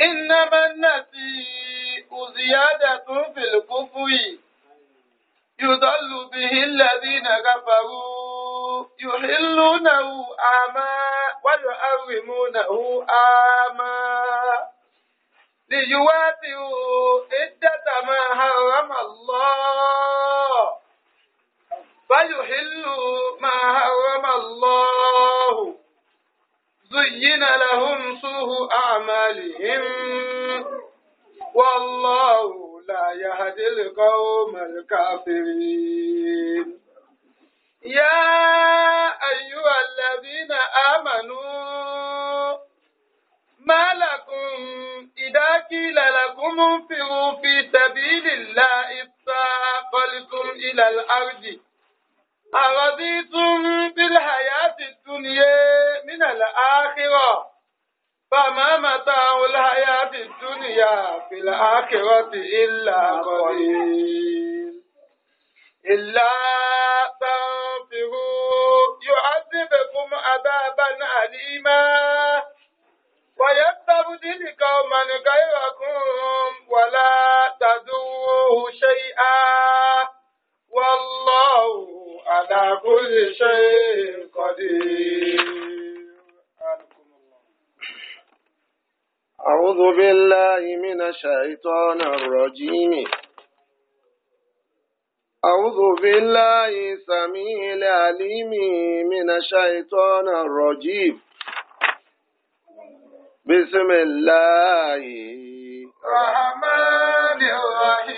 إنما النسيء زيادة في الكفر يضل به الذين كفروا يحلونه عاما ويحرمونه عاما ليواتئوا عدة ما حرم الله فيحلوا ما حرم الله زين لهم سوء أعمالهم والله لا يهدي القوم الكافرين يا أيها الذين آمنوا ما لكم إذا قيل لكم انفروا في سبيل الله استاقلتم إلى الأرض أرضيتم بالحياة الدنيا من الآخرة فما متاع الحياة الدنيا في الآخرة إلا قليل إلا تنفروا يعذبكم عذابا أليما ويستبدل قوما غيركم ولا تدوه شيئا والله على كل شيء قدير أعوذ بالله من الشيطان الرجيم أعوذ بالله سميع العليم من الشيطان الرجيم بسم الله الرحمن الرحيم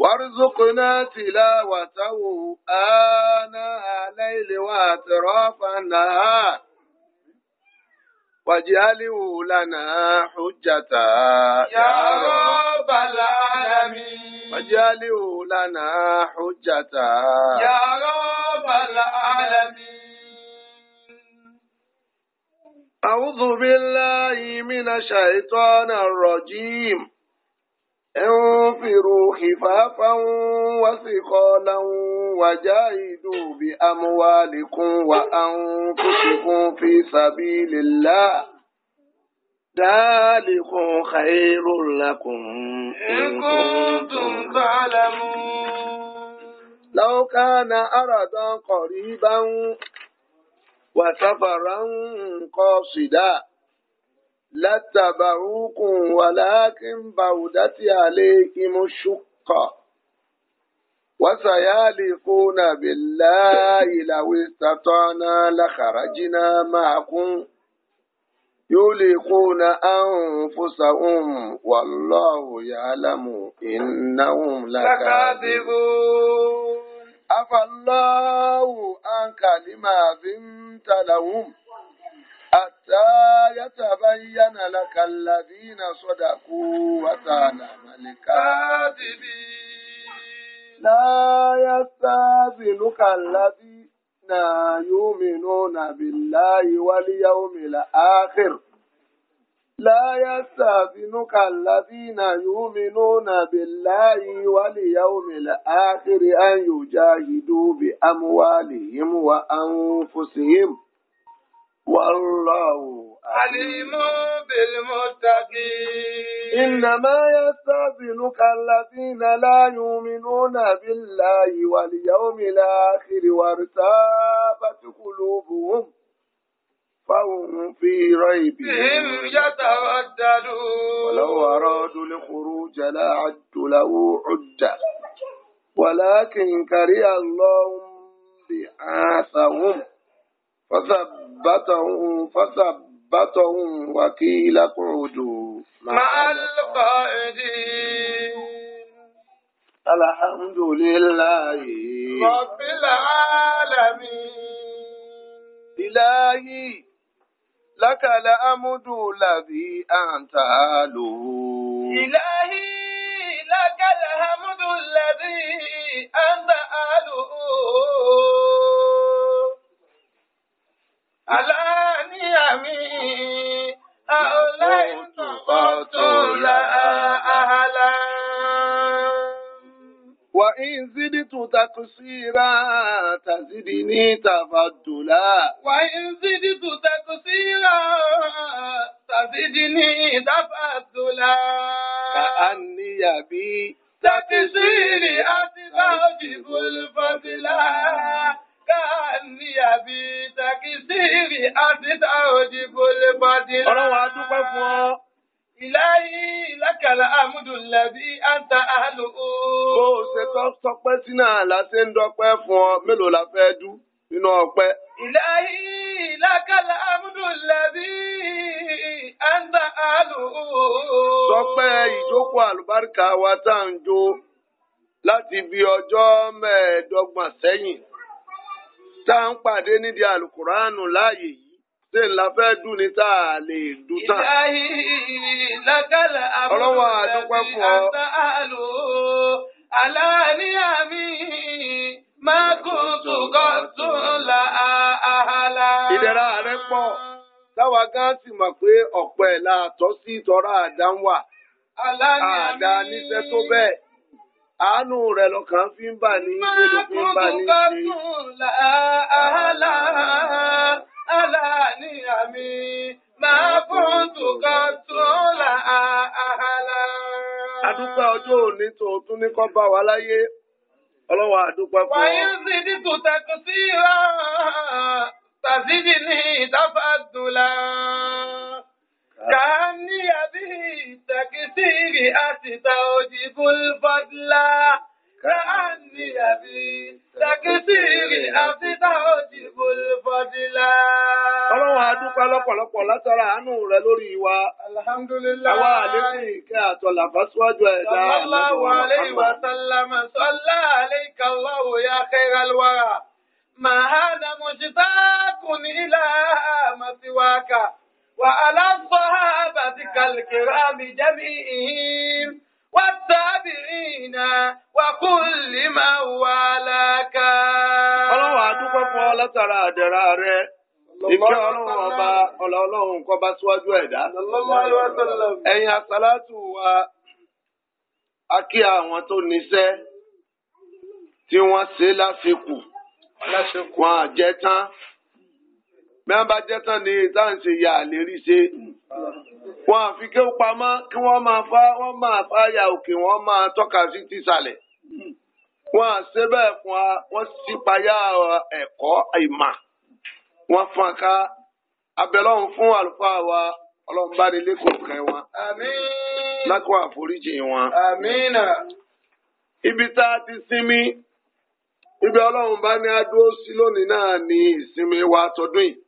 وارزقنا تلاوته آناء الليل وأطراف النهار واجعله لنا حجة يا رب العالمين واجعله لنا حجة يا رب العالمين أعوذ بالله من الشيطان الرجيم انفروا خفافا وثقالا وجاهدوا بأموالكم وأنفسكم في سبيل الله ذلكم خير لكم إن كنتم تعلمون لو كان أردا قريبا وسفرا قاصدا لاتبعوكم ولكن بودت عليكم الشقة وسيالقون بالله لو استطعنا لخرجنا معكم يلقون أنفسهم والله يعلم إنهم لكاذبون أفالله أن كلمة ذنت لهم لا يتبين لك الذين صدقوا وتعلم الكاذبين لا يستاذنك الذين يؤمنون بالله واليوم الآخر لا يستاذنك الذين يؤمنون بالله واليوم الآخر أن يجاهدوا بأموالهم وأنفسهم والله عليم بالمتقين إنما يستأذنك الذين لا يؤمنون بالله واليوم الآخر وارتابت قلوبهم فهم في ريبهم يترددون ولو أرادوا الخروج لأعدوا له عدة ولكن كره الله بآثهم فثبتهم فثبتهم وقيل اقعدوا مع القائدين الحمد لله رب العالمين إلهي لك الأمد الذي أنت أهله إلهي لك الحمد الذي أنت أهله aláàní àmì àọláìtọ̀bọ̀ tó la àhàlà. Wà ń zidi tún takusira tàzidi ní tàfàdùlà. Wà ń zidi tún takusira tàzidi ní tàfàdùlà. Ka àníyàbí. Takusiri ní àbí takisiri àti tàòjì bólé pàdé. ọlọ́wọ́ a dúpẹ́ fún ọ. ìláyé ìlákàlà àmúdùnlẹ̀bí àǹtà àlò ó. bó o ṣe tọ́pẹ́ sínú àlá ṣe ń dọ́pẹ́ fún ọ mélòó la fẹ́ dú nínú ọpẹ́. ìláyé ìlákàlà àmúdùnlẹ̀bí àǹtà àlò ó. ìjókòó àlùbáríkà wa tá à ń jó láti bí ọjọ́ mẹ́ẹ̀ẹ́dọ́gbọ̀n sẹ́yìn. tá ń pàdé nídìí láàyè yìí ṣé ńlá fẹ́ dùn ní tá a lè dùn tán. ìyáhí lákàlà àbúrò àti àtàlù aláníyàmí máa kún la rẹ̀ pọ̀ táwa gan sì mọ̀ pé ọ̀pọ̀ ẹ̀ la tọ́ sí ìtọ́ra àdá ń wà. àánú rẹ̀ lọ́kàn fi ń bà ní fi ń bà ní ìgbé. àlá ní àmì máa fún tùkà tó là ọjọ́ òní ní kọ́ bá wa láyé ọlọ́wọ́ àdúpẹ́ fún wáyé sí títù tẹkùn sí ra tàzídì ní ìdáfàdùlà. كأني به تكثير أستوجب الفضل كأني به تكثير أستوجب الفضل Ọlọ́run adúpẹ́ lọ́pọ̀lọpọ̀ látara àánú rẹ lórí wa. Alhamdulillah. Àwa àlékún ìkẹ́ àtọ̀là bá síwájú ẹ̀dá. Sallallahu alayhi wa sallam. Salla alayka Allahu ya khairal wara. Ma hada mujtaqun ila ma siwaka. وعلى الصحابة كالكرام جميعهم والتابعين وكل من والاك ọlọ́wọ́ àdúgbò fún ọ látara àdẹ̀rà rẹ ìfẹ́ ọlọ́run ọba ọlọ́run kọ́ bá síwájú ẹ̀dá ẹ̀yin àsálátù wa a kí àwọn tó níṣẹ́ tí wọ́n ṣe láfikù wọn àjẹtán mẹ́wọ́n bá jẹ́ tán ni táǹṣe ya àlè ṣe. wọn àfi pamọ́ kí wọ́n máa fá wọ́n máa fáyà òkè wọ́n máa tọ́ka sí tìsàlẹ̀. wọn àṣẹ bẹ́ẹ̀ fún wa wọ́n sì payá ẹ̀kọ́ ìmà wọ́n fọn ká abẹ́lọ́hún fún àlùfáà wa ọlọ́run bá nílé kò kẹ́ wọn. lákò àforíjì wọn. ibi tá a ti sinmi ibi ọlọ́run bá ní adúró sí lónìí náà ni ìsinmi wa tọdún yìí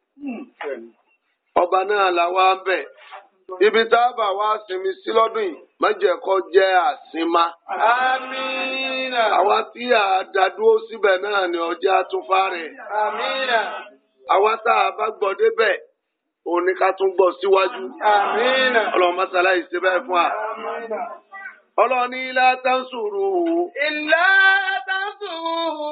ọba náà la wá bẹ̀ ibi tá a bá wá sinmi sí lọ́dún yìí má jẹ́ kó jẹ́ àsínmá. àmín. àwa tí a dádúró síbẹ̀ náà ni ọjà tún fárẹ̀. àwa tá a bá gbọ́ débẹ̀ òun ni ká tún gbọ́ síwájú. ọlọ́run mọ́sálá yìí ṣe bẹ́ẹ̀ fún wa ọlọ́ni látàǹsùrù. ìlà tàǹsùrù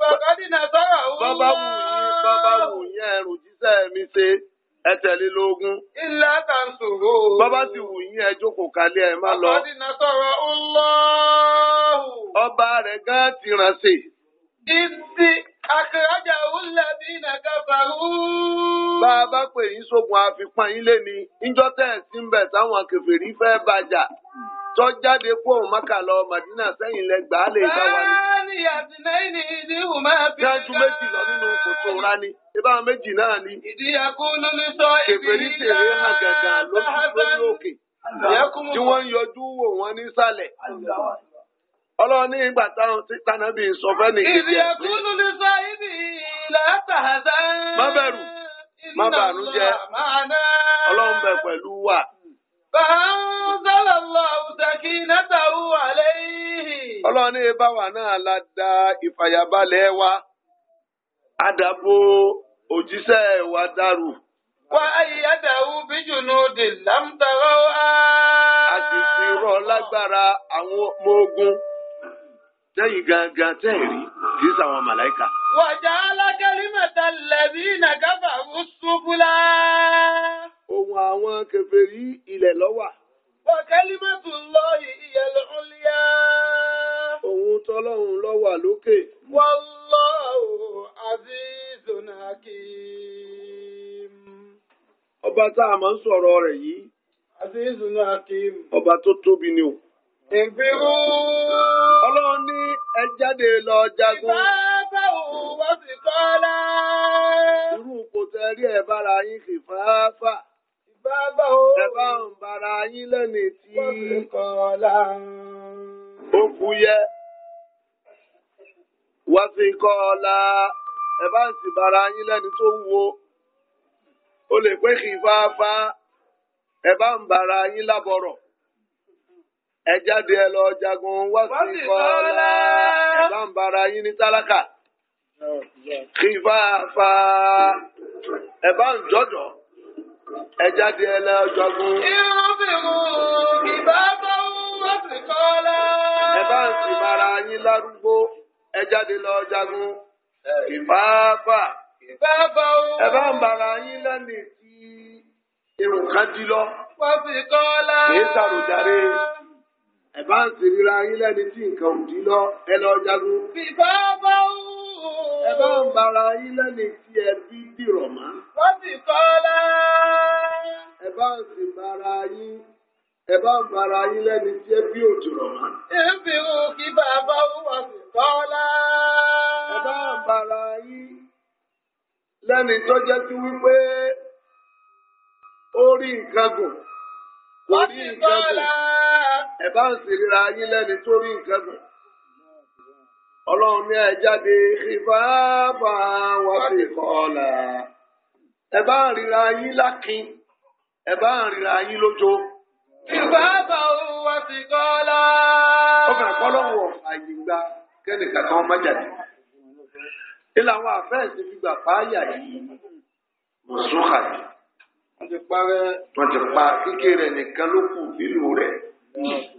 bàbádìnà sọ̀rọ̀ wù. bàbá wù yín bàbá wù yín ẹrù jíṣẹ́ mi ṣe ẹ tẹ̀lé lógún. ìlà tàǹsùrù. bàbá ti wù yín ẹ jókòó kalẹ̀ ẹ má lọ. bàbádìnà sọ̀rọ̀ ńlọ́ọ̀hù. ọba rẹ̀ gán ti ràn sí. ìsì. Àkìrájà wúlẹ̀bí nà káfàrú. Bá a bá pè yín sógun àfipá yín lé ní. níjọ́ tẹ̀ ẹ̀ sí ń bẹ̀ táwọn fẹ́ bàjà. Tọ́ jáde kó lọ sẹ́yìn lè bá wa ní. méjì lọ nínú kòtò ra ni. méjì náà ni. sọ òkè. Tí wọ́n yọjú wò wọ́n nísàlẹ̀. Ọlọ́run ní ìgbà táwọn sọ fẹ́ ma bẹ̀rù ma bàánú jẹ pẹ̀lú wa. ọlọ́run ní ìbáwá náà la da ìfàyàbalẹ̀ wa àdàbò òjíṣẹ́ wa dàrú. wá ayéyádáwó bíjù ní òde lámtàrá wá. a sì fi rọ lágbára àwọn ọmọ ogun tẹ́yìn gangan kì í وجعل كلمة الذين كفروا السفلى ohun àwọn kèfèrí ilẹ̀ ló wà. wa kalimatu Allahi hiyal ohun tọ́lọ́run ló lókè. wallahu azizun hakim. ọba tá a máa ń sọ̀rọ̀ rẹ̀ yìí. azizun hakim. ọba tó tóbi ni o. ọlọ́run ní ẹ jáde lọ jagun. wọ́n sì kọ́ lá. Irú ipò tẹ rí ẹ̀ bára yín kì fáfà. Ìfáfà o. Ẹ bá ń bára yín lẹ́ni tí. Wọ́n sì kọ́ lá. Ó kú yẹ. Wọ́n sì kọ́ lá. Ẹ bá ń sì bára yín lẹ́ni tó wúwo. O lè pé kì fáfà. Ẹ bá ń bára yín lábọ̀rọ̀ ẹ jáde ẹ lọ jagun wá sí kọ́ ọ́ la ẹ bá ń bara yín ní tálákà kìfáfá ẹ bá ń jọ̀dọ̀ ẹ jáde ẹ lọ jọgún. irúbìnrin kìfáfá wọ́n sì kọ́ la. ẹ bá ń sì mara yín lárúgbó ẹ jáde lọ jagun kìfáfá. kìfáfá o. ẹ bá ń bara yín lẹ́nu tí irun kan dí lọ. wọ́n sì kọ́ la. kì í sàròjàre ẹ bá ń sì yín lẹ́nu tí nǹkan ò lọ ẹ lọ jagun. kìfáfá o ẹ bá ń bara yín lẹ́ni tí ẹ bí dìrọ̀ mọ́. wọ́n sì kọ́ la. ẹ bá ń sì bara yín ẹ bá ń bara yín lẹ́ni tí ẹ bí òdìrọ̀ mọ́. ìbí o kí bàbá wà sí kọ́ la. ẹ bá ń bara yín lẹ́ni tó jẹ́ sí wípé ó rí nǹkan gùn kò rí nǹkan gùn ẹ bá ń sì ríra yín lẹ́ni tó rí nǹkan gùn ọlọ́run ní ẹ jáde ìfáfá wà fi kọ́ọ̀là ẹ bá ń ríra yín lákin ẹ bá ń ríra yín lójó. ìfáfá wà fi kọ́ọ̀là. ó kàn kọ́ lọ́wọ́ àyè gba kẹ́nìkan kan má jáde. ilé àwọn àfẹ́ẹ̀sì fi gbà páyà yìí mọ̀sùn wọ́n ti parẹ́. wọ́n ti pa kíkéré nìkan ló kù nílùú rẹ̀.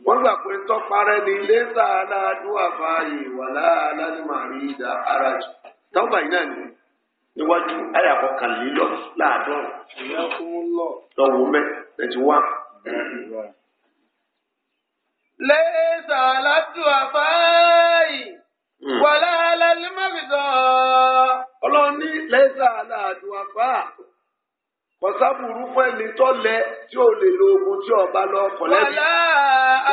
wọ́n gbà pé tọ́parẹ́ ni lẹ́sà aládùúwà fààyè wà láàlálùmọ̀rí ìdá ara jù táwọn báyìí náà ni níwájú ayàkọ́ kàlélọ́ láàdọ́rùn lọ́wọ́ mẹ́ twenty one. lẹ́sà aládùúwà fààyè hmm. wà láàlálùmọ̀rí ìdá. ọlọ́run kọsábùrú fún ẹni tó lẹ tí ò lè lo ogun tí ọba lọ kọlẹ bí. wàlá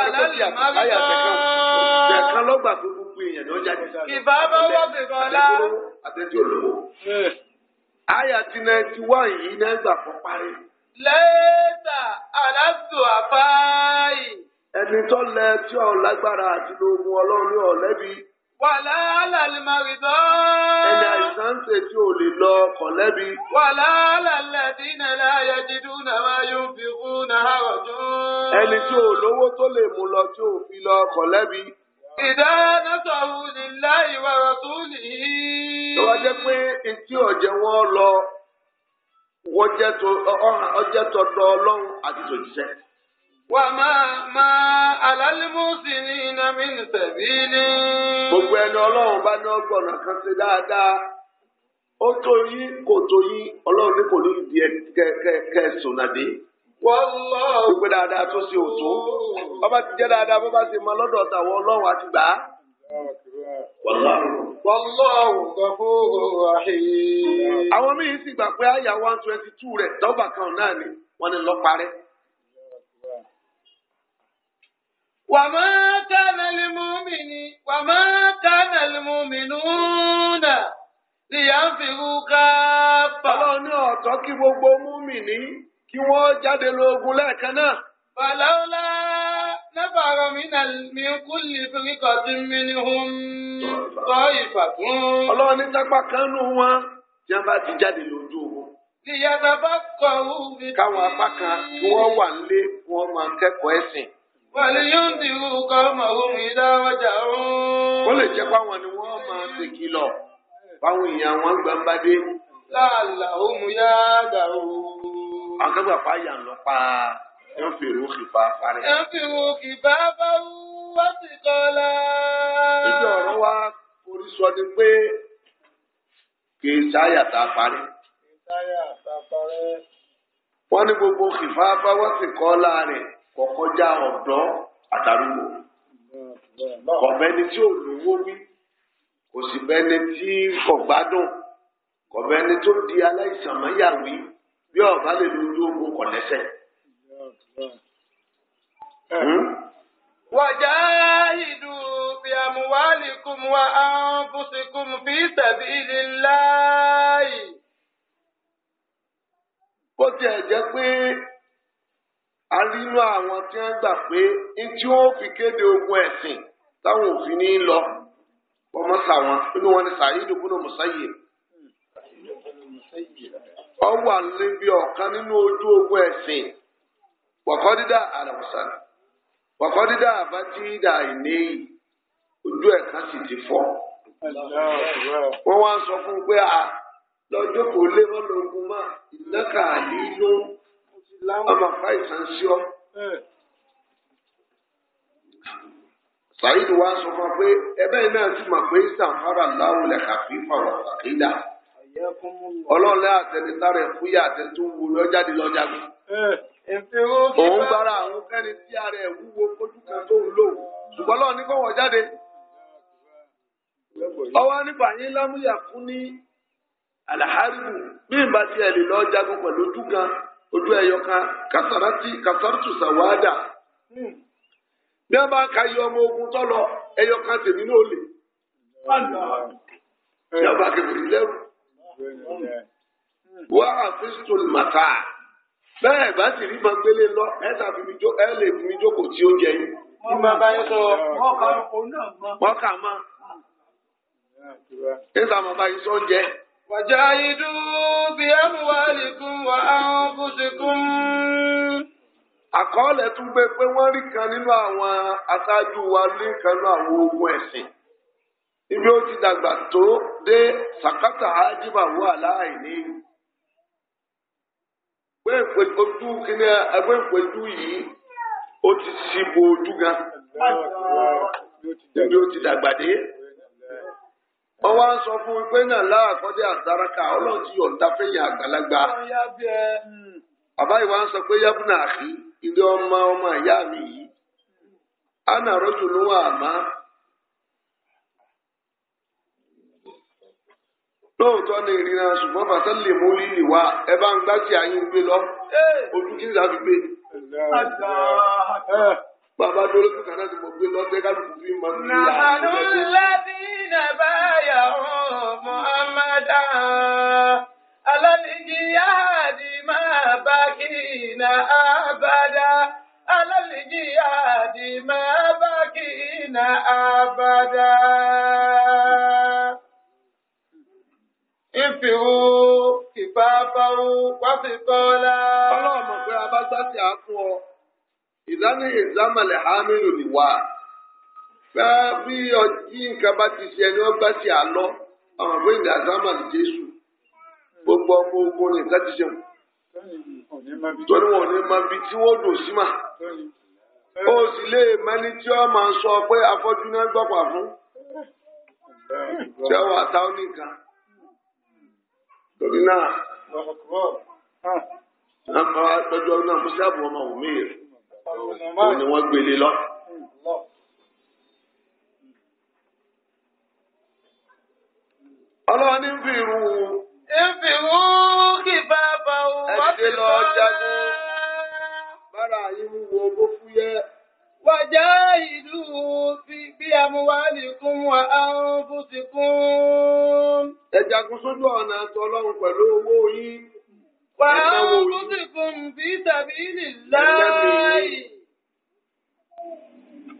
alálẹ̀ màmíkọ́. ẹ̀kan lọ́gbà tó gbogbo èèyàn ló jáde. ìbá bá wọ́n fi kọ́ lá. àtẹ̀tí olówó. Eh. àyà tí náà ti wá yìí náà gbà fún parí. lẹ́tà aláṣọ àbáyé. ẹni tó lẹ tí ò lágbára àti lo ogun ọlọ́run ọ̀lẹ́bí. Wàlá làlùmọ̀rìdọ́. Ẹni àìsàn ń ṣe tí ò lè lọ kọ̀lẹ́bi. Wàlá làlẹ́dí nàlẹ́ ayẹjidú náà yóò fi kú náà rọ̀jú. Ẹni tí ò lówó tó lè mú lọ tí ò fi lọ kọ̀lẹ́bi. Ìdá násọ̀rù nílá ìwà rọ̀túnì. Lọ́wọ́ jẹ́ pé etí ọ̀jẹ̀ wọn lọ, wọ́n jẹ́ tọ̀dọ̀ Ọlọ́run àti tòjíṣẹ́. وما ما على المحسنين من سبيل. gbogbo ẹni ọlọ́run bá ní ọ̀nà kan ṣe dáadáa ó tó yí kò tó yí ọlọ́run ní kò ní ìdí ẹ kẹsùn nàdé. wọ́lọ́ gbogbo dáadáa tó ṣe ti jẹ́ dáadáa bàbá ṣe lọ́dọ̀ ọlọ́run àti gbà á. sì gbà pé one twenty two rẹ̀ dọ́gba kan náà ni wọ́n وما كان المؤمن وما كان المؤمنون لينفروا كافة ọlọ́run ní ọ̀tọ́ kí gbogbo múmìnì kí wọ́n jáde lóògùn lẹ́ẹ̀kan náà. فلولا نفر من من كل فرقة منهم طائفة. ọlọ́run ní sápá kan nù wọn tí wọ́n bá ti jáde lójú ogun. ìyá bàbá ولينذروا قومهم إذا رجعوا. ó lè jẹ́ páwọn ni wọ́n máa ṣèkìlọ̀ báwọn èèyàn wọn gbàǹbàdé. láàlà òun yá dàrú. àgbàgbà fàáyà ń lọ pa ẹ̀ ń fèrò kìfà parẹ́. ẹ̀ ń fèrò kìfà báwú wá sí kọ́lá. ìjọ ọ̀rọ̀ wa orí sọ ni pé kì í sáyà tá a parí. kì í sáyà tá a parí. wọ́n ní gbogbo kìfà báwọ́ sì kọ́ láàrin kọ̀kọ́já ọ̀dọ́ àtàrúgbò kọ̀mẹ́ni tí ò lówó rí kò sì mẹ́ni tí kò gbádùn kọ̀mẹ́ni tó di aláìsàn mọ́yàwí bí ọ̀bá lè lu ojú ogun kọ̀ lẹ́sẹ̀. وجاهدوا بأموالكم وأنفسكم في سبيل الله. bó tiẹ̀ jẹ́ pé a rí inú àwọn tí wọ́n gbà pé ní tí wọ́n fi kéde ogun ẹ̀sìn táwọn òfin ní lọ wọ́n mọ̀ sàwọn nínú wọn ni sàyídù kúnnù mùsáyè ọwà níbi ọ̀kan nínú ojú ogun ẹ̀sìn wàkọ́dídà àlàmùsàn wàkọ́dídà àbájídà àìníyì ojú ẹ̀ka sì ti fọ́. wọ́n wá ń sọ fún un pé lọ́jọ́ kò lé mọ́ lóògùn mọ́ ìnáka àlè inú láwọn máa fa ìsàn sí ọ. Saheed wa sọ fún wa pé ẹbẹ́ yìí náà sì mọ̀ pé sàǹfàrà láwọn lè kàfí fọ̀rọ̀ àkídà. Ọlọ́ọ̀lẹ́ àtẹnitára ẹ̀fúyà àtẹnitó wù lọ jáde lọ jáde. Eh, Òun gbára àwọn kẹ́ni tí ara ẹ̀ wúwo fojú kan tó ń lò. Ṣùgbọ́n lọ́ọ̀ ní kó wọ̀ jáde. Ọwọ́ nípa yín lámúyà fún ní àlàhárìbù bí ìbá tiẹ̀ lè lọ jagun pẹ̀lú ojú kan ojú ẹyọ kan kásárátì kásárátù sàwádà hmm. bí wọn bá ka yọ ọmọ ogun tó lọ ẹyọ kan tèmi náà lè ní ọba kẹfìrí lẹrú hmm. wá àfihàn màtá bẹ́ẹ̀ bá sì rí máa gbélé lọ ẹ tàbí ẹ lè fún mi jókòó tí ó jẹ yín. wọn máa bá yín sọ wọn kà mọ. wọn kà mọ. Hmm. ẹ tàbí ọba yín sọ jẹ. وجاهدوا بأموالكم وأنفسكم àkọọ́lẹ̀ tún gbé pé wọ́n rí kan nínú àwọn aṣáájú wa ní kan nínú àwọn ogun ẹ̀sìn ibi ó ti dàgbà tó dé sàkátà ájíbà wà láàyè pé ojú kíní ẹgbẹ́ ìpẹ́jú yìí ó ti ṣíbo ojú gan ibi ó ti dàgbà dé. wọ́n wá sọ fún wípé náà láàkọ́dé àdáraká ọlọ́run ti yọ̀ǹda fẹ́yìn àgbàlagbà. bàbá ìwà ń sọ pé yábùnà àkí ilé ọmọ ọmọ ìyá mi yìí ana rọ́jò ló wà lóòótọ́ ni ìrìnà ṣùgbọ́n bàtà lè mú lílì wá ẹ bá ń gbá gbé lọ ojú kí gbé. bàbá kàdá ti mọ̀ gbé lọ́tẹ́ kálukú fi بايعوا محمدا على الجهاد ما بقينا أبدا على الجهاد ما بقينا أبدا ìfìwò ìfàfàwò wáfíkọ́lá. ọlọ́run mọ̀ pé abájá ọ ìdánilè ìdámọ̀lẹ̀ hamilu ni pé bí ọtí nǹkan bá ti ṣe ẹni wọ́n gbá sí àlọ́ àwọn àgbẹ̀ ìdá sámà ní Jésù gbogbo ọmọ ogun ní nǹkan ti ṣe wù. torí wọn ò ní máa bi tí wọ́n dùn sí mà. ó sì lè mẹ́ni tí wọ́n máa sọ pé afọ́jú náà gbọ́pà fún. ṣé wàá ta ó torí náà àwọn àtọ́jú náà mú sí àbúrò ọmọ òun mí rè. òun ni wọ́n gbélé lọ. ọlọ́run ní fìrù. ìfìrù kì bá bá o wá sí lọ jagun. bára yín wúwo bó fúyẹ́. wàjà ìlú fi bí amúwálìkún wa àwọn fúsìkún. ẹ jagun sójú ọ̀nà tọ́lọ́run pẹ̀lú owó yín. wà á fúsìkún fi sàbílì láàyè.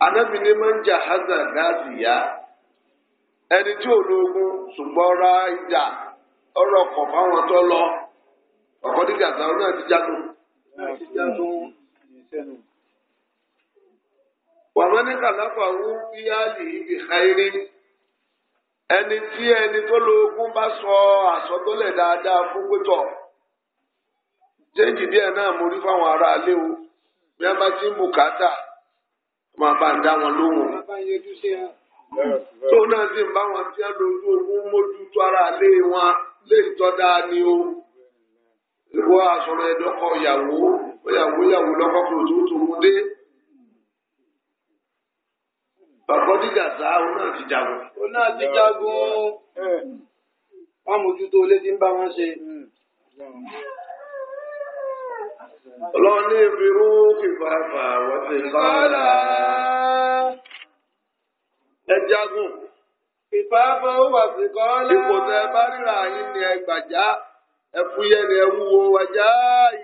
anábìnrin máa ń jà hazard láti yá. ẹni tí ológun ṣùgbọ́n ra ìjà ọ̀rọ̀ ọkọ̀ fáwọn tó lọ ọkọ̀ dígà àtàwọn náà ti jágun. wàmọ́ ní kàláfà ń fíyàlì ibi xayiri ẹni tí ẹni tó lóògùn bá sọ àsọtọ́lẹ̀ dáadáa fún pẹ́tọ̀ díẹ̀ náà mo rí fáwọn o bí bá ti ń bùkátà máa bá ń dá wọn lóhùn. tó náà sì ń bá wọn tí wọn dojú ogun mójútó ara lé wọn lè tọ́ dáa ni o ìwọ àsọ̀rọ̀ ẹ̀dọ́kọ̀ ìyàwó ìyàwó ìyàwó lọ́kọ̀ kò tó tó mú dé bàbá dídà sá ó náà ti jagun. ó náà ti jagun wọn mójútó ilé tí ń bá wọn ṣe. ọlọ́run ní kìfàfà wọ́n ti sọ́ọ́lá. Ẹjagun jagun. ìfàfọ́ wà sí kọ́lá. ipò tẹ bá ríra yín ni ẹ gbàjá ẹ ni ẹ wúwo wájà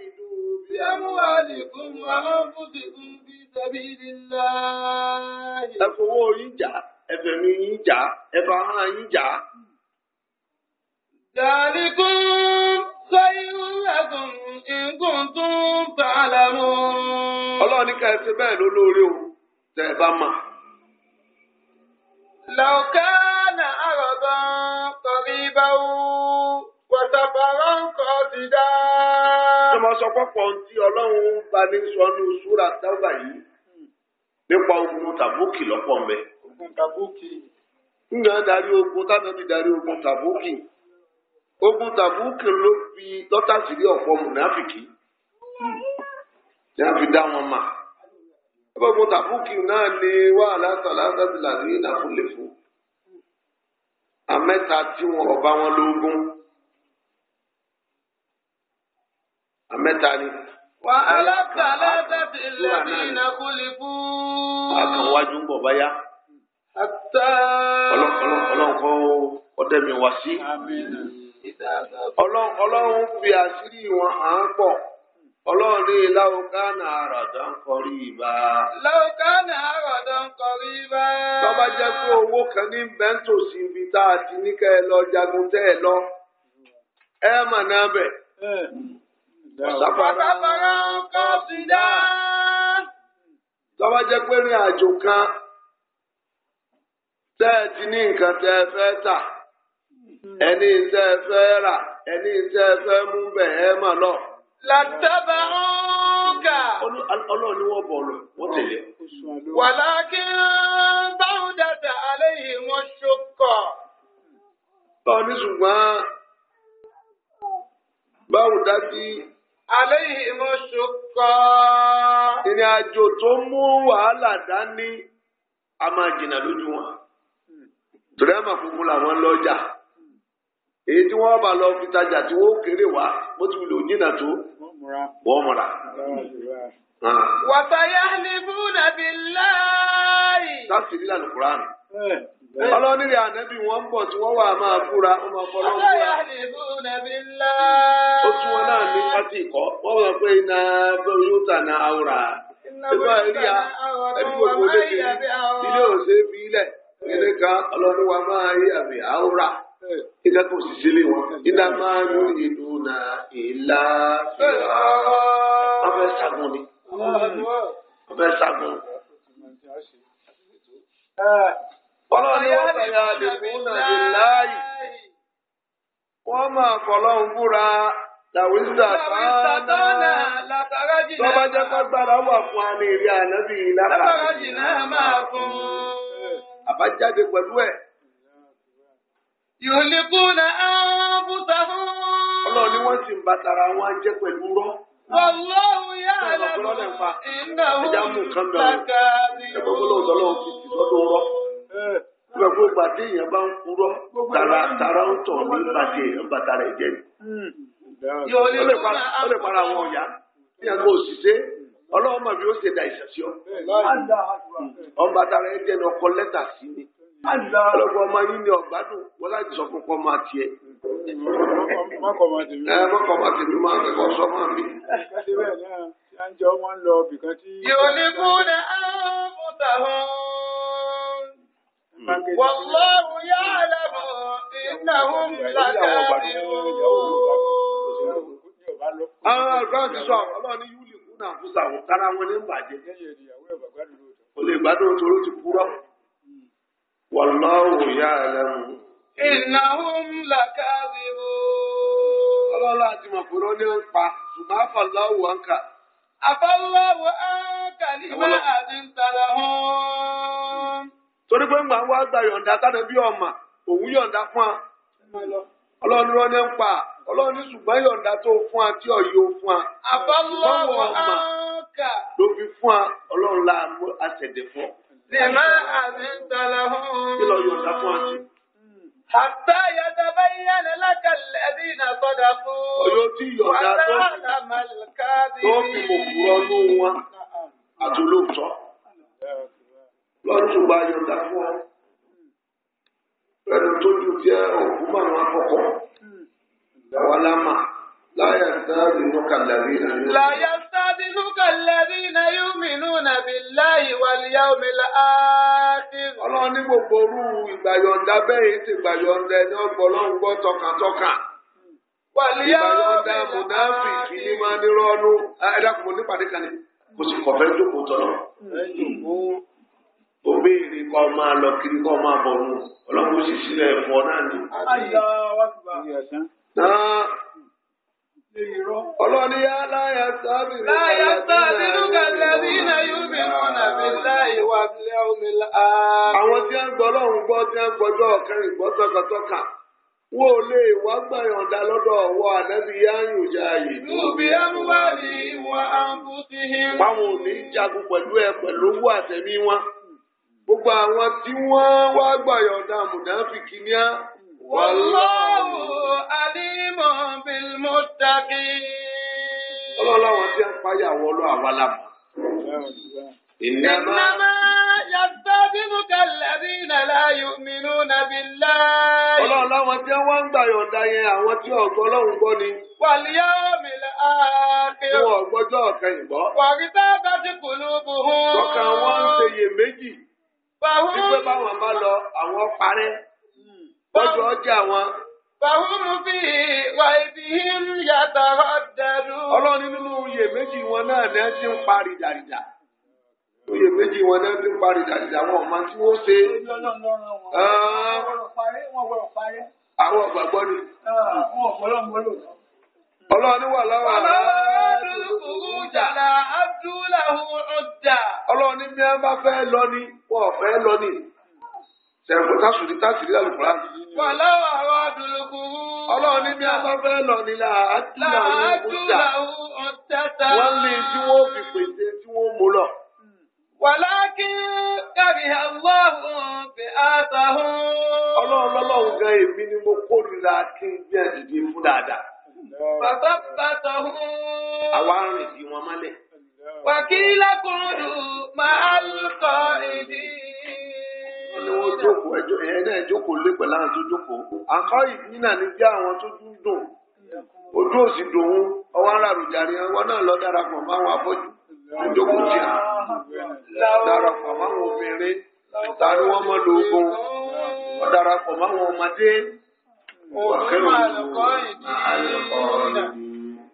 ìlú. bí ẹ mú wa mu àwọn kún bí ẹ fowó yín jà ẹ yín jà ẹ fà hàn yín jà. dàlíkún sẹ́yìn لو كان عرضا قريبا وسفرا قاصدا tọ́mọ sọ pọ́pọ́ tí ọlọ́run bá ní sọ ní sùúrà tábà yìí nípa ogun tàbókì lọ́pọ̀ mẹ́. ogun tàbókì. ńgbà darí ogun tánà mi darí ogun tàbókì. ogun tàbókì ló fi lọ́tàsílẹ̀ ọ̀pọ̀ mùnáfìkì. ní a fi dá gbogbo tàbúkì náà ni wàhálà sàlásà ti là ní ìdàkúnlẹ̀ fún. àmẹ́ta tí wọn ọba wọn lógún. àmẹ́ta ni. wàhálà sàlásà ti là ní ìdàkúnlẹ̀ fún. àkànwájú ń bọ̀ báyá. àtà. ọlọ́run ọdẹ mi wá sí. ọlọ́run fi àṣírí wọn hàn án pọ̀ ọlọ́run ní láwùkánà àràdọ̀ ń kọrí ibà. láwùkánà àràdọ̀ ń kọrí ibà. tọ́ba jẹ́ pé owó kan ní bẹ́ńtòsí ibi tá a ti ní kẹ́ ẹ lọ jagun tẹ́ ẹ lọ ẹ mà náà bẹ̀. ọ̀sàfàrà ń kọ́ sí dá. tọ́ba jẹ́ pé rìn àjò kan tẹ́ ẹ ti ní nǹkan tẹ́ ẹ fẹ́ tà ẹni tẹ́ ẹ fẹ́ rà ẹni tẹ́ ẹ fẹ́ mú bẹ̀ ẹ mà lọ làtàbàrúkà. ọlọ́run ni wọ́n bọ̀ ọ̀rọ̀ wọ́n tẹ̀lé. wàlákì báwọn dàda alẹ́ yìí wọ́n ṣokọ̀. báwo ni ṣùgbọ́n báwo dájú. alẹ́ yìí wọ́n ṣokọ̀. ìrìn àjò tó mú wàhálà dání a máa jìnnà lójú wọn. torí àmàfùkù làwọn lọ́jà. èyí tí wọ́n bá lọ fi tajà tí wọ́n kéré wá bó ti wulẹ̀ òjìnà tó wọ́n múra. wàtàyà ni búdà bí láàyè. láti rí lànà kúránì. Eh. ọlọ́nìrì ànábì wọ́n ń bọ̀ tí wọ́n wà máa fúra máa fọ́ lọ́wọ́. ni búdà bí láàyè. ó tún wọn náà ní pátì ìkọ́ wọ́n wọ pé iná nígbà tó sì sílé wọn iná máa ń ní na ìlà ìlà ọbẹ̀ sagun ni ọbẹ̀ sagun. ọlọ́run ni wọ́n tẹ̀yà lèkún náà lè láàyè wọ́n máa fọlọ́run búra làwíńdà tánà lọ́ba jẹ́ pàgbára wà fún àmì ìrìn ànábì ìlà. àbájáde pẹ̀lú ẹ̀. Yòlíkúnà àbútàhún. Ọlọ́run ni wọ́n sì ń bàtàrà wọn jẹ́ pẹ̀lú rọ́. Wàlọ́hùn yá àlàbọ̀ iná òun lága ni ó. Ẹgbẹ́ gbọ́dọ̀ fi eh. bá ń Tara tara ń tọ̀ ní ni. Ó lè para àwọn ọ̀yá ní ẹgbẹ́ òṣìṣẹ́ ọlọ́wọ́ mọ̀ bí ó ṣe da ìṣàṣọ́. alọ́gbọ́n ọmọ yín ni ọ̀gbádùn wọ́n láti sọ fún ọmọ àti ẹ̀. mọ́kọ̀ máa tèmi. máa ń kẹ́kọ̀ọ́ sọ máa mi. síbẹ̀ náà ṣá ń jọ wọ́n lọ bìkan tí. yòlíkù ni àmúta hàn. wàlláhu ya'lamu innahum lakadibun. àwọn àgbà ti náà fún sàwọn kára wọn ní bàjẹ́. o lè gbádùn torí ti kúrọ̀. والله يعلم إنهم lakadhibun. ọlọ́lá àti màkúrọ́ ní ń pa ṣùgbọ́n àfàláwò wà ń kà. àfàláwò á kàlí má àdìntàlá hàn. torí pé ńgbà wá gba yọ̀ǹda tánà bí ọ̀mà òun yọ̀ǹda fún wa. ọlọ́run rọ́ ní ń pa ọlọ́run ní ṣùgbọ́n yọ̀ǹda tó fún wa tí ọ̀yọ́ fún wa. àfàláwò á ló fi fún wa ọlọ́run la àṣẹ̀dẹ̀ Lèmọ́ àmì ń tọ́lọ hún. Kí lọ yóò dá fún àti? Àtá yàtọ̀ bá yíyá ni lákàlẹ̀ bí iná gbọ́dọ̀ kú. Oyó tí yọ̀dá tó fi mò kúrọ̀ ní wọn àti olóòótọ́. Lọ́dún tó gba yọ̀dá fún ọ. Ẹnu tó ju jẹ́ òkú márùn-ún àkọ́kọ́. Hmm. منك الذين يؤمنون بالله واليوم الآخر. ọlọ́run ní gbogbo orú ìgbàyọ̀ǹda bẹ́ẹ̀ ti gbàyọ̀ǹda ẹni ọgbọ̀ ọlọ́run gbọ́ tọkàntọkàn. ìgbàyọ̀ǹda mùnáfì kì í máa ní rọ́ọ̀nù ẹ̀dàkùnrin nípàdé kan ní. mo sì kọ̀ fẹ́ jókòó tọ̀nà. o máa lọ kiri kọ́ máa bọ̀ nù ọlọ́run ó sì sílẹ̀ ẹ̀fọ́ náà ni ọlọ́ni aláya sábìrì. láyà sábìrì kàlẹ́bí iná yóò fi kún àbí láyé wà bílẹ̀ omi la. àwọn tí wọ́n gbọ́ lọ́hùn gbọ́ tí wọ́n gbọ́jọ́ ọ̀kẹ́rin gbọ́ tọkàtọkà wo lè wá gbàyànjá lọ́dọ̀ ọ̀wọ́ ànábì yáàyùn jáàyè. lùbí amúwárí wọn àǹfùsí hin. báwọn ò ní jagun pẹ̀lú ẹ pẹ̀lú owó àtẹ̀mí wọn. gbogbo àwọn tí wọ́n wá gbàyànjá mùdáfíkì ní á Wallahu alimun bil muttaqin. Ọlọ́lá wọn ti ń payà wọlọ́ àwa lámà. Innama yastabibuka alladhina la yu'minuna billahi. Ọlọ́lá wọn ti wá ń gbà yọ̀ǹda yẹn àwọn tí ọ̀gbọ́n lọ́hùn gbọ́ ni. Wal yawmil akhir. Wọ́n ọ̀gbọ́jọ́ ọ̀kan ìgbọ́. bá ti qulubuhum. Tọ́ka wọn ń ṣe iyèméjì. Bàwọ́. Ìgbé báwọn bá lọ, àwọn parẹ́ bọ́jú ọjà wọn. Fàhùnmù bí wà ibi yàtọ̀ ọ̀dẹ̀rù. Ọlọ́run nínú oyè méjì wọn náà ni wọ́n ti ń parí dàrídà. Oyè méjì wọn náà ti ń parí dàrídà wọn ọ̀ma tí wọ́n ṣe. Àwọn ọ̀gbàgbọ́ ni. Ọlọ́run wà lọ́wọ́ àná. Ọlọ́run ní bí bá fẹ́ lọ ni, wọ́n fẹ́ lọ ni tẹ̀gbọ́n tásùrí tásìrí àlùkùrá. wàlá àwọn àdùlùkù. ọlọ́run ní bí a bá fẹ́ lọ nílà àdúrà ọ̀tẹ̀tà. wọ́n lè tí wọ́n fi pèsè tí wọ́n mú lọ. wàlá kí kárí àlọ́hùn fi àtàhùn. ọlọ́run lọ́lọ́run gan èmi ni mo kórìíra kí n jẹ́ ìdí fún dáadáa. bàbá bàtà hùn. àwa rìn sí wọn mọ́lẹ̀. wàkílẹ̀ kúndùn máa ń kọ ìdí ni wọ́n jókòó ẹjọ́ ẹ̀yẹn náà jókòó lé pẹ̀lú àwọn tó jókòó. àkọ́ ìdí náà ni bí àwọn tó tún dùn ojú òsì dùn ọwọ́ ara rùjàre wọn náà lọ darapọ̀ máwọn afọ́jú ìjókòó jìà darapọ̀ máwọn obìnrin ìtàrí wọn mọ lóògùn wọn darapọ̀ máwọn ọmọdé wàkẹ́rù àlùkò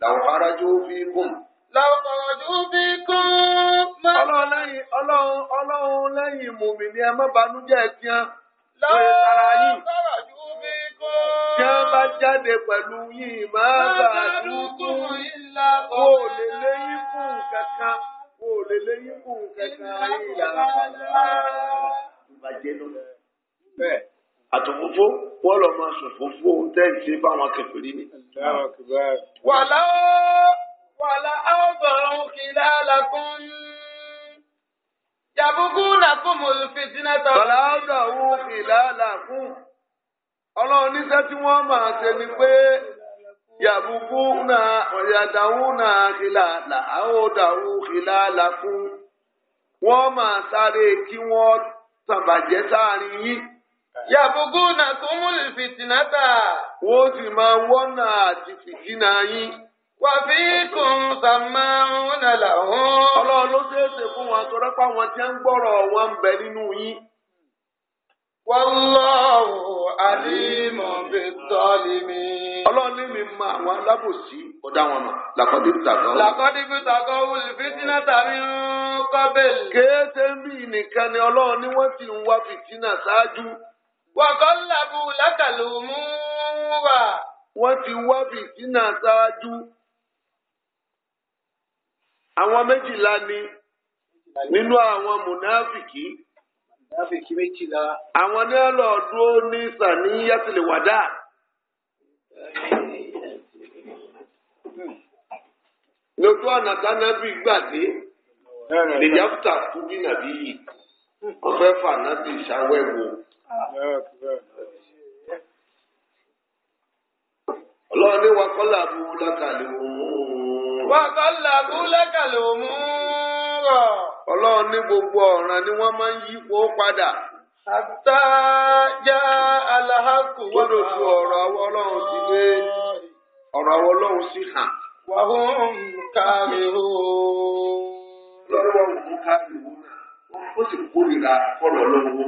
làwọn arájú fi kùn. làwọn arájú fi kùn ọlọ́run lẹ́yìn mùmí ni ẹ má banújẹ́ tiẹ́ lóye sára yìí. Tí a bá jáde pẹ̀lú yìí máa bà dúkú, kó lè léyìn kùn kankan, kó lè léyìn kùn kankan ìyàrá ìbàjẹ́ lọ. Bẹ́ẹ̀ àtòfófó wọ́n lọ máa sòfófó tẹ́ǹtì báwọn kẹfìrí ni. Wàlá wàlá àwọn ọ̀gbọ̀n kìlá làkún. Yàbùkú nàkúmù fìtínátà. Bàlá ọ̀dọ̀ wù ìlàlà fún. Ọlọ́run níṣẹ́ tí wọ́n máa ṣe ni pé yàbùkú nà yàdàwù nà ìlàlà àwọn ọ̀dàwù ìlàlà fún. Wọ́n máa sáré kí wọ́n tàbàjẹ́ sáàrin yín. Yàbùkú nàkúmù fìtínátà. Wọ́n sì máa wọ́nà àti fìtínà yín wàbí kùn sàmáhùn làwọn. ọlọ́run ló ṣeéṣe fún wọn alábòsí ọ̀dà wọn mọ̀. Làkọ́dí bí tàgọ́. Làkọ́dí bí tàgọ́ wùlì fìtínà tàbí kọ́bẹ̀lì. Kéèsè ń nìkan ni ọlọ́run wọ́n ti ń wá fìtínà ṣáájú. Wàkọ́ lákàlù mú wà. Wọ́n ti wá fìtínà ṣáájú àwọn méjìlá ni nínú àwọn mùnáfìkì mùnáfìkì méjìlá àwọn ní ọlọ́ọ̀dúró ní sàníyàtìlẹ̀ wàdà. lójú ọ̀nà tánábì gbàdé lèyàpùtà kú bí nàbí yìí ọ̀fẹ́ fànábì ṣàwẹ̀wò. ọlọ́run ní wakọ́lá bu lákàlẹ̀ òun. wàkàlàbù lákàlà òmùúrọ̀. ọlọ́run ní gbogbo ọ̀ràn ni wọ́n máa ń yípo padà. àtà já aláhàkù. gbọ́dọ̀ ju ọ̀rọ̀ àwọn ọlọ́run sí lé ọ̀rọ̀ àwọn ọlọ́run sí hàn. wàhùn kàmìrò. lọ́rọ̀ wọn kò kàmìrò náà wọ́n sì kórìíra kọ́lọ̀ ọlọ́run mú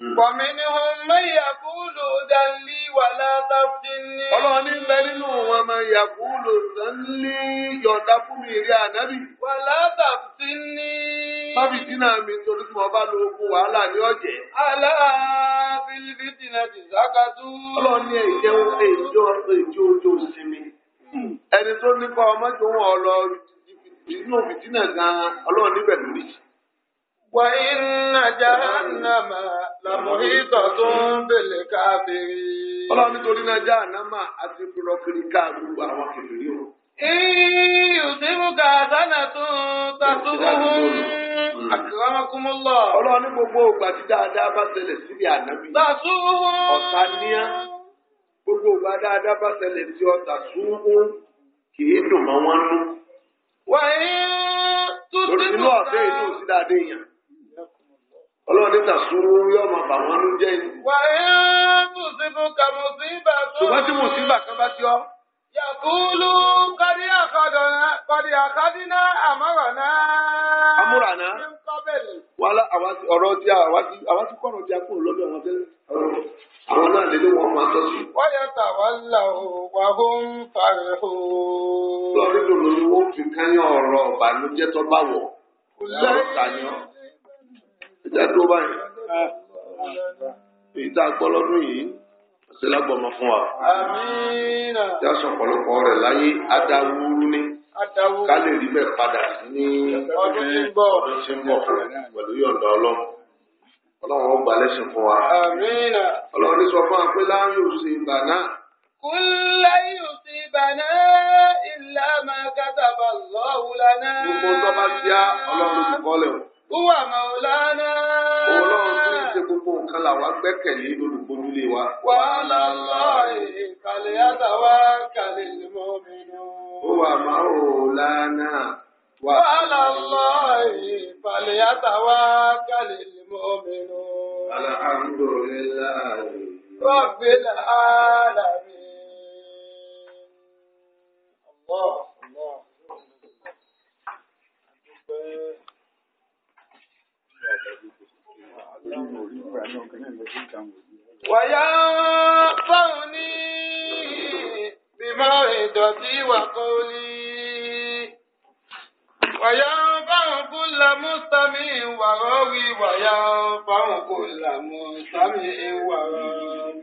ومنهم من يقول ذلي ولا تفتني ọlọ́run ní bẹ nínú wọn máa yàkúlò sánlé yọ̀dá fún mi rí ànábì. wàlá tàftínní. bábí ti sákàtú. ọlọ́run ní èjẹ́ èjò èjò ojú sinmi. ẹni وإن جهنم ọlọ́run nítorí náà jahannama àti kúrọ́kiri káàkiri àwọn kìnìún yóò. sánà tún tàṣùbùhùn àkìrámàkúmọ́lọ̀. Hmm. ọlọ́run ní gbogbo ògbà tí dáadáa bá ṣẹlẹ̀ síbi ànábì. tàṣùbùhùn. ọ̀tá níyà gbogbo ògbà dáadáa bá ṣẹlẹ̀ sí ọ̀tá ṣùgbọ́n kì dùn mọ́ wọn nú. wàá tún síbùkà. torí nínú sí dáadé ọlọ́run níta sùúrù yóò máa bà wọ́n ló jẹ́ inú. wà á mùsíbù ka mùsíbà tó. ṣùgbọ́n tí mùsíbà kan bá ti ọ́. yàkúlù kọ́dí àkádínà àmọ́ràná. àmúràná. wàhálà ọ̀rọ̀ tí àwa ti kọ́ ọ̀rọ̀ tí a lọ́dọ̀ àwọn tẹ́lẹ̀. àwọn náà lè ní wọn máa tọ́ sí. wọ́n yẹ tà wá là ó wà ó ń farẹ́ o. lọ́dún ẹjẹ dúró báyìí èyí tá a gbọ́ lọ́dún yìí ọ̀sẹ̀ lágbọ̀mọ fún wa. ìjà sọ̀pọ̀lọpọ̀ rẹ̀ láyé adáwúrú ni ká lè rí bẹ́ẹ̀ padà ní ọdún tí ń bọ̀ pẹ̀lú yọ̀ǹda ọlọ́run ọlọ́run ó gbà lẹ́sìn fún wa. ọlọ́run ní sọ fún wa pé láàrin òsì ìgbà náà. Kúlá yóò ti bàná ìlànà kátàbà lọ́wọ́ lánàá. Gbogbo tó bá ti á ọlọ́run ti kọ́ lẹ́wọ̀n. Wúwà Màúlánà. Ọlọ́run tó ń ṣe gbogbo nǹkan làwa gbẹ́kẹ̀lé olùgbòmílé wa. Wàhálà lọ ìkàlẹ̀ àtàwà kàlẹ̀ lọ́mọ mi nù. Wúwà Màúlánà. Wàhálà lọ ìkàlẹ̀ àtàwà kàlẹ̀ lọ́mọ mi nù. Alhamdulilayi. Rabbil alamin. Allah. وينفعني بموعظتي وقولي وينفع كل مستمع وراوي وينفع كل مستمع وراوي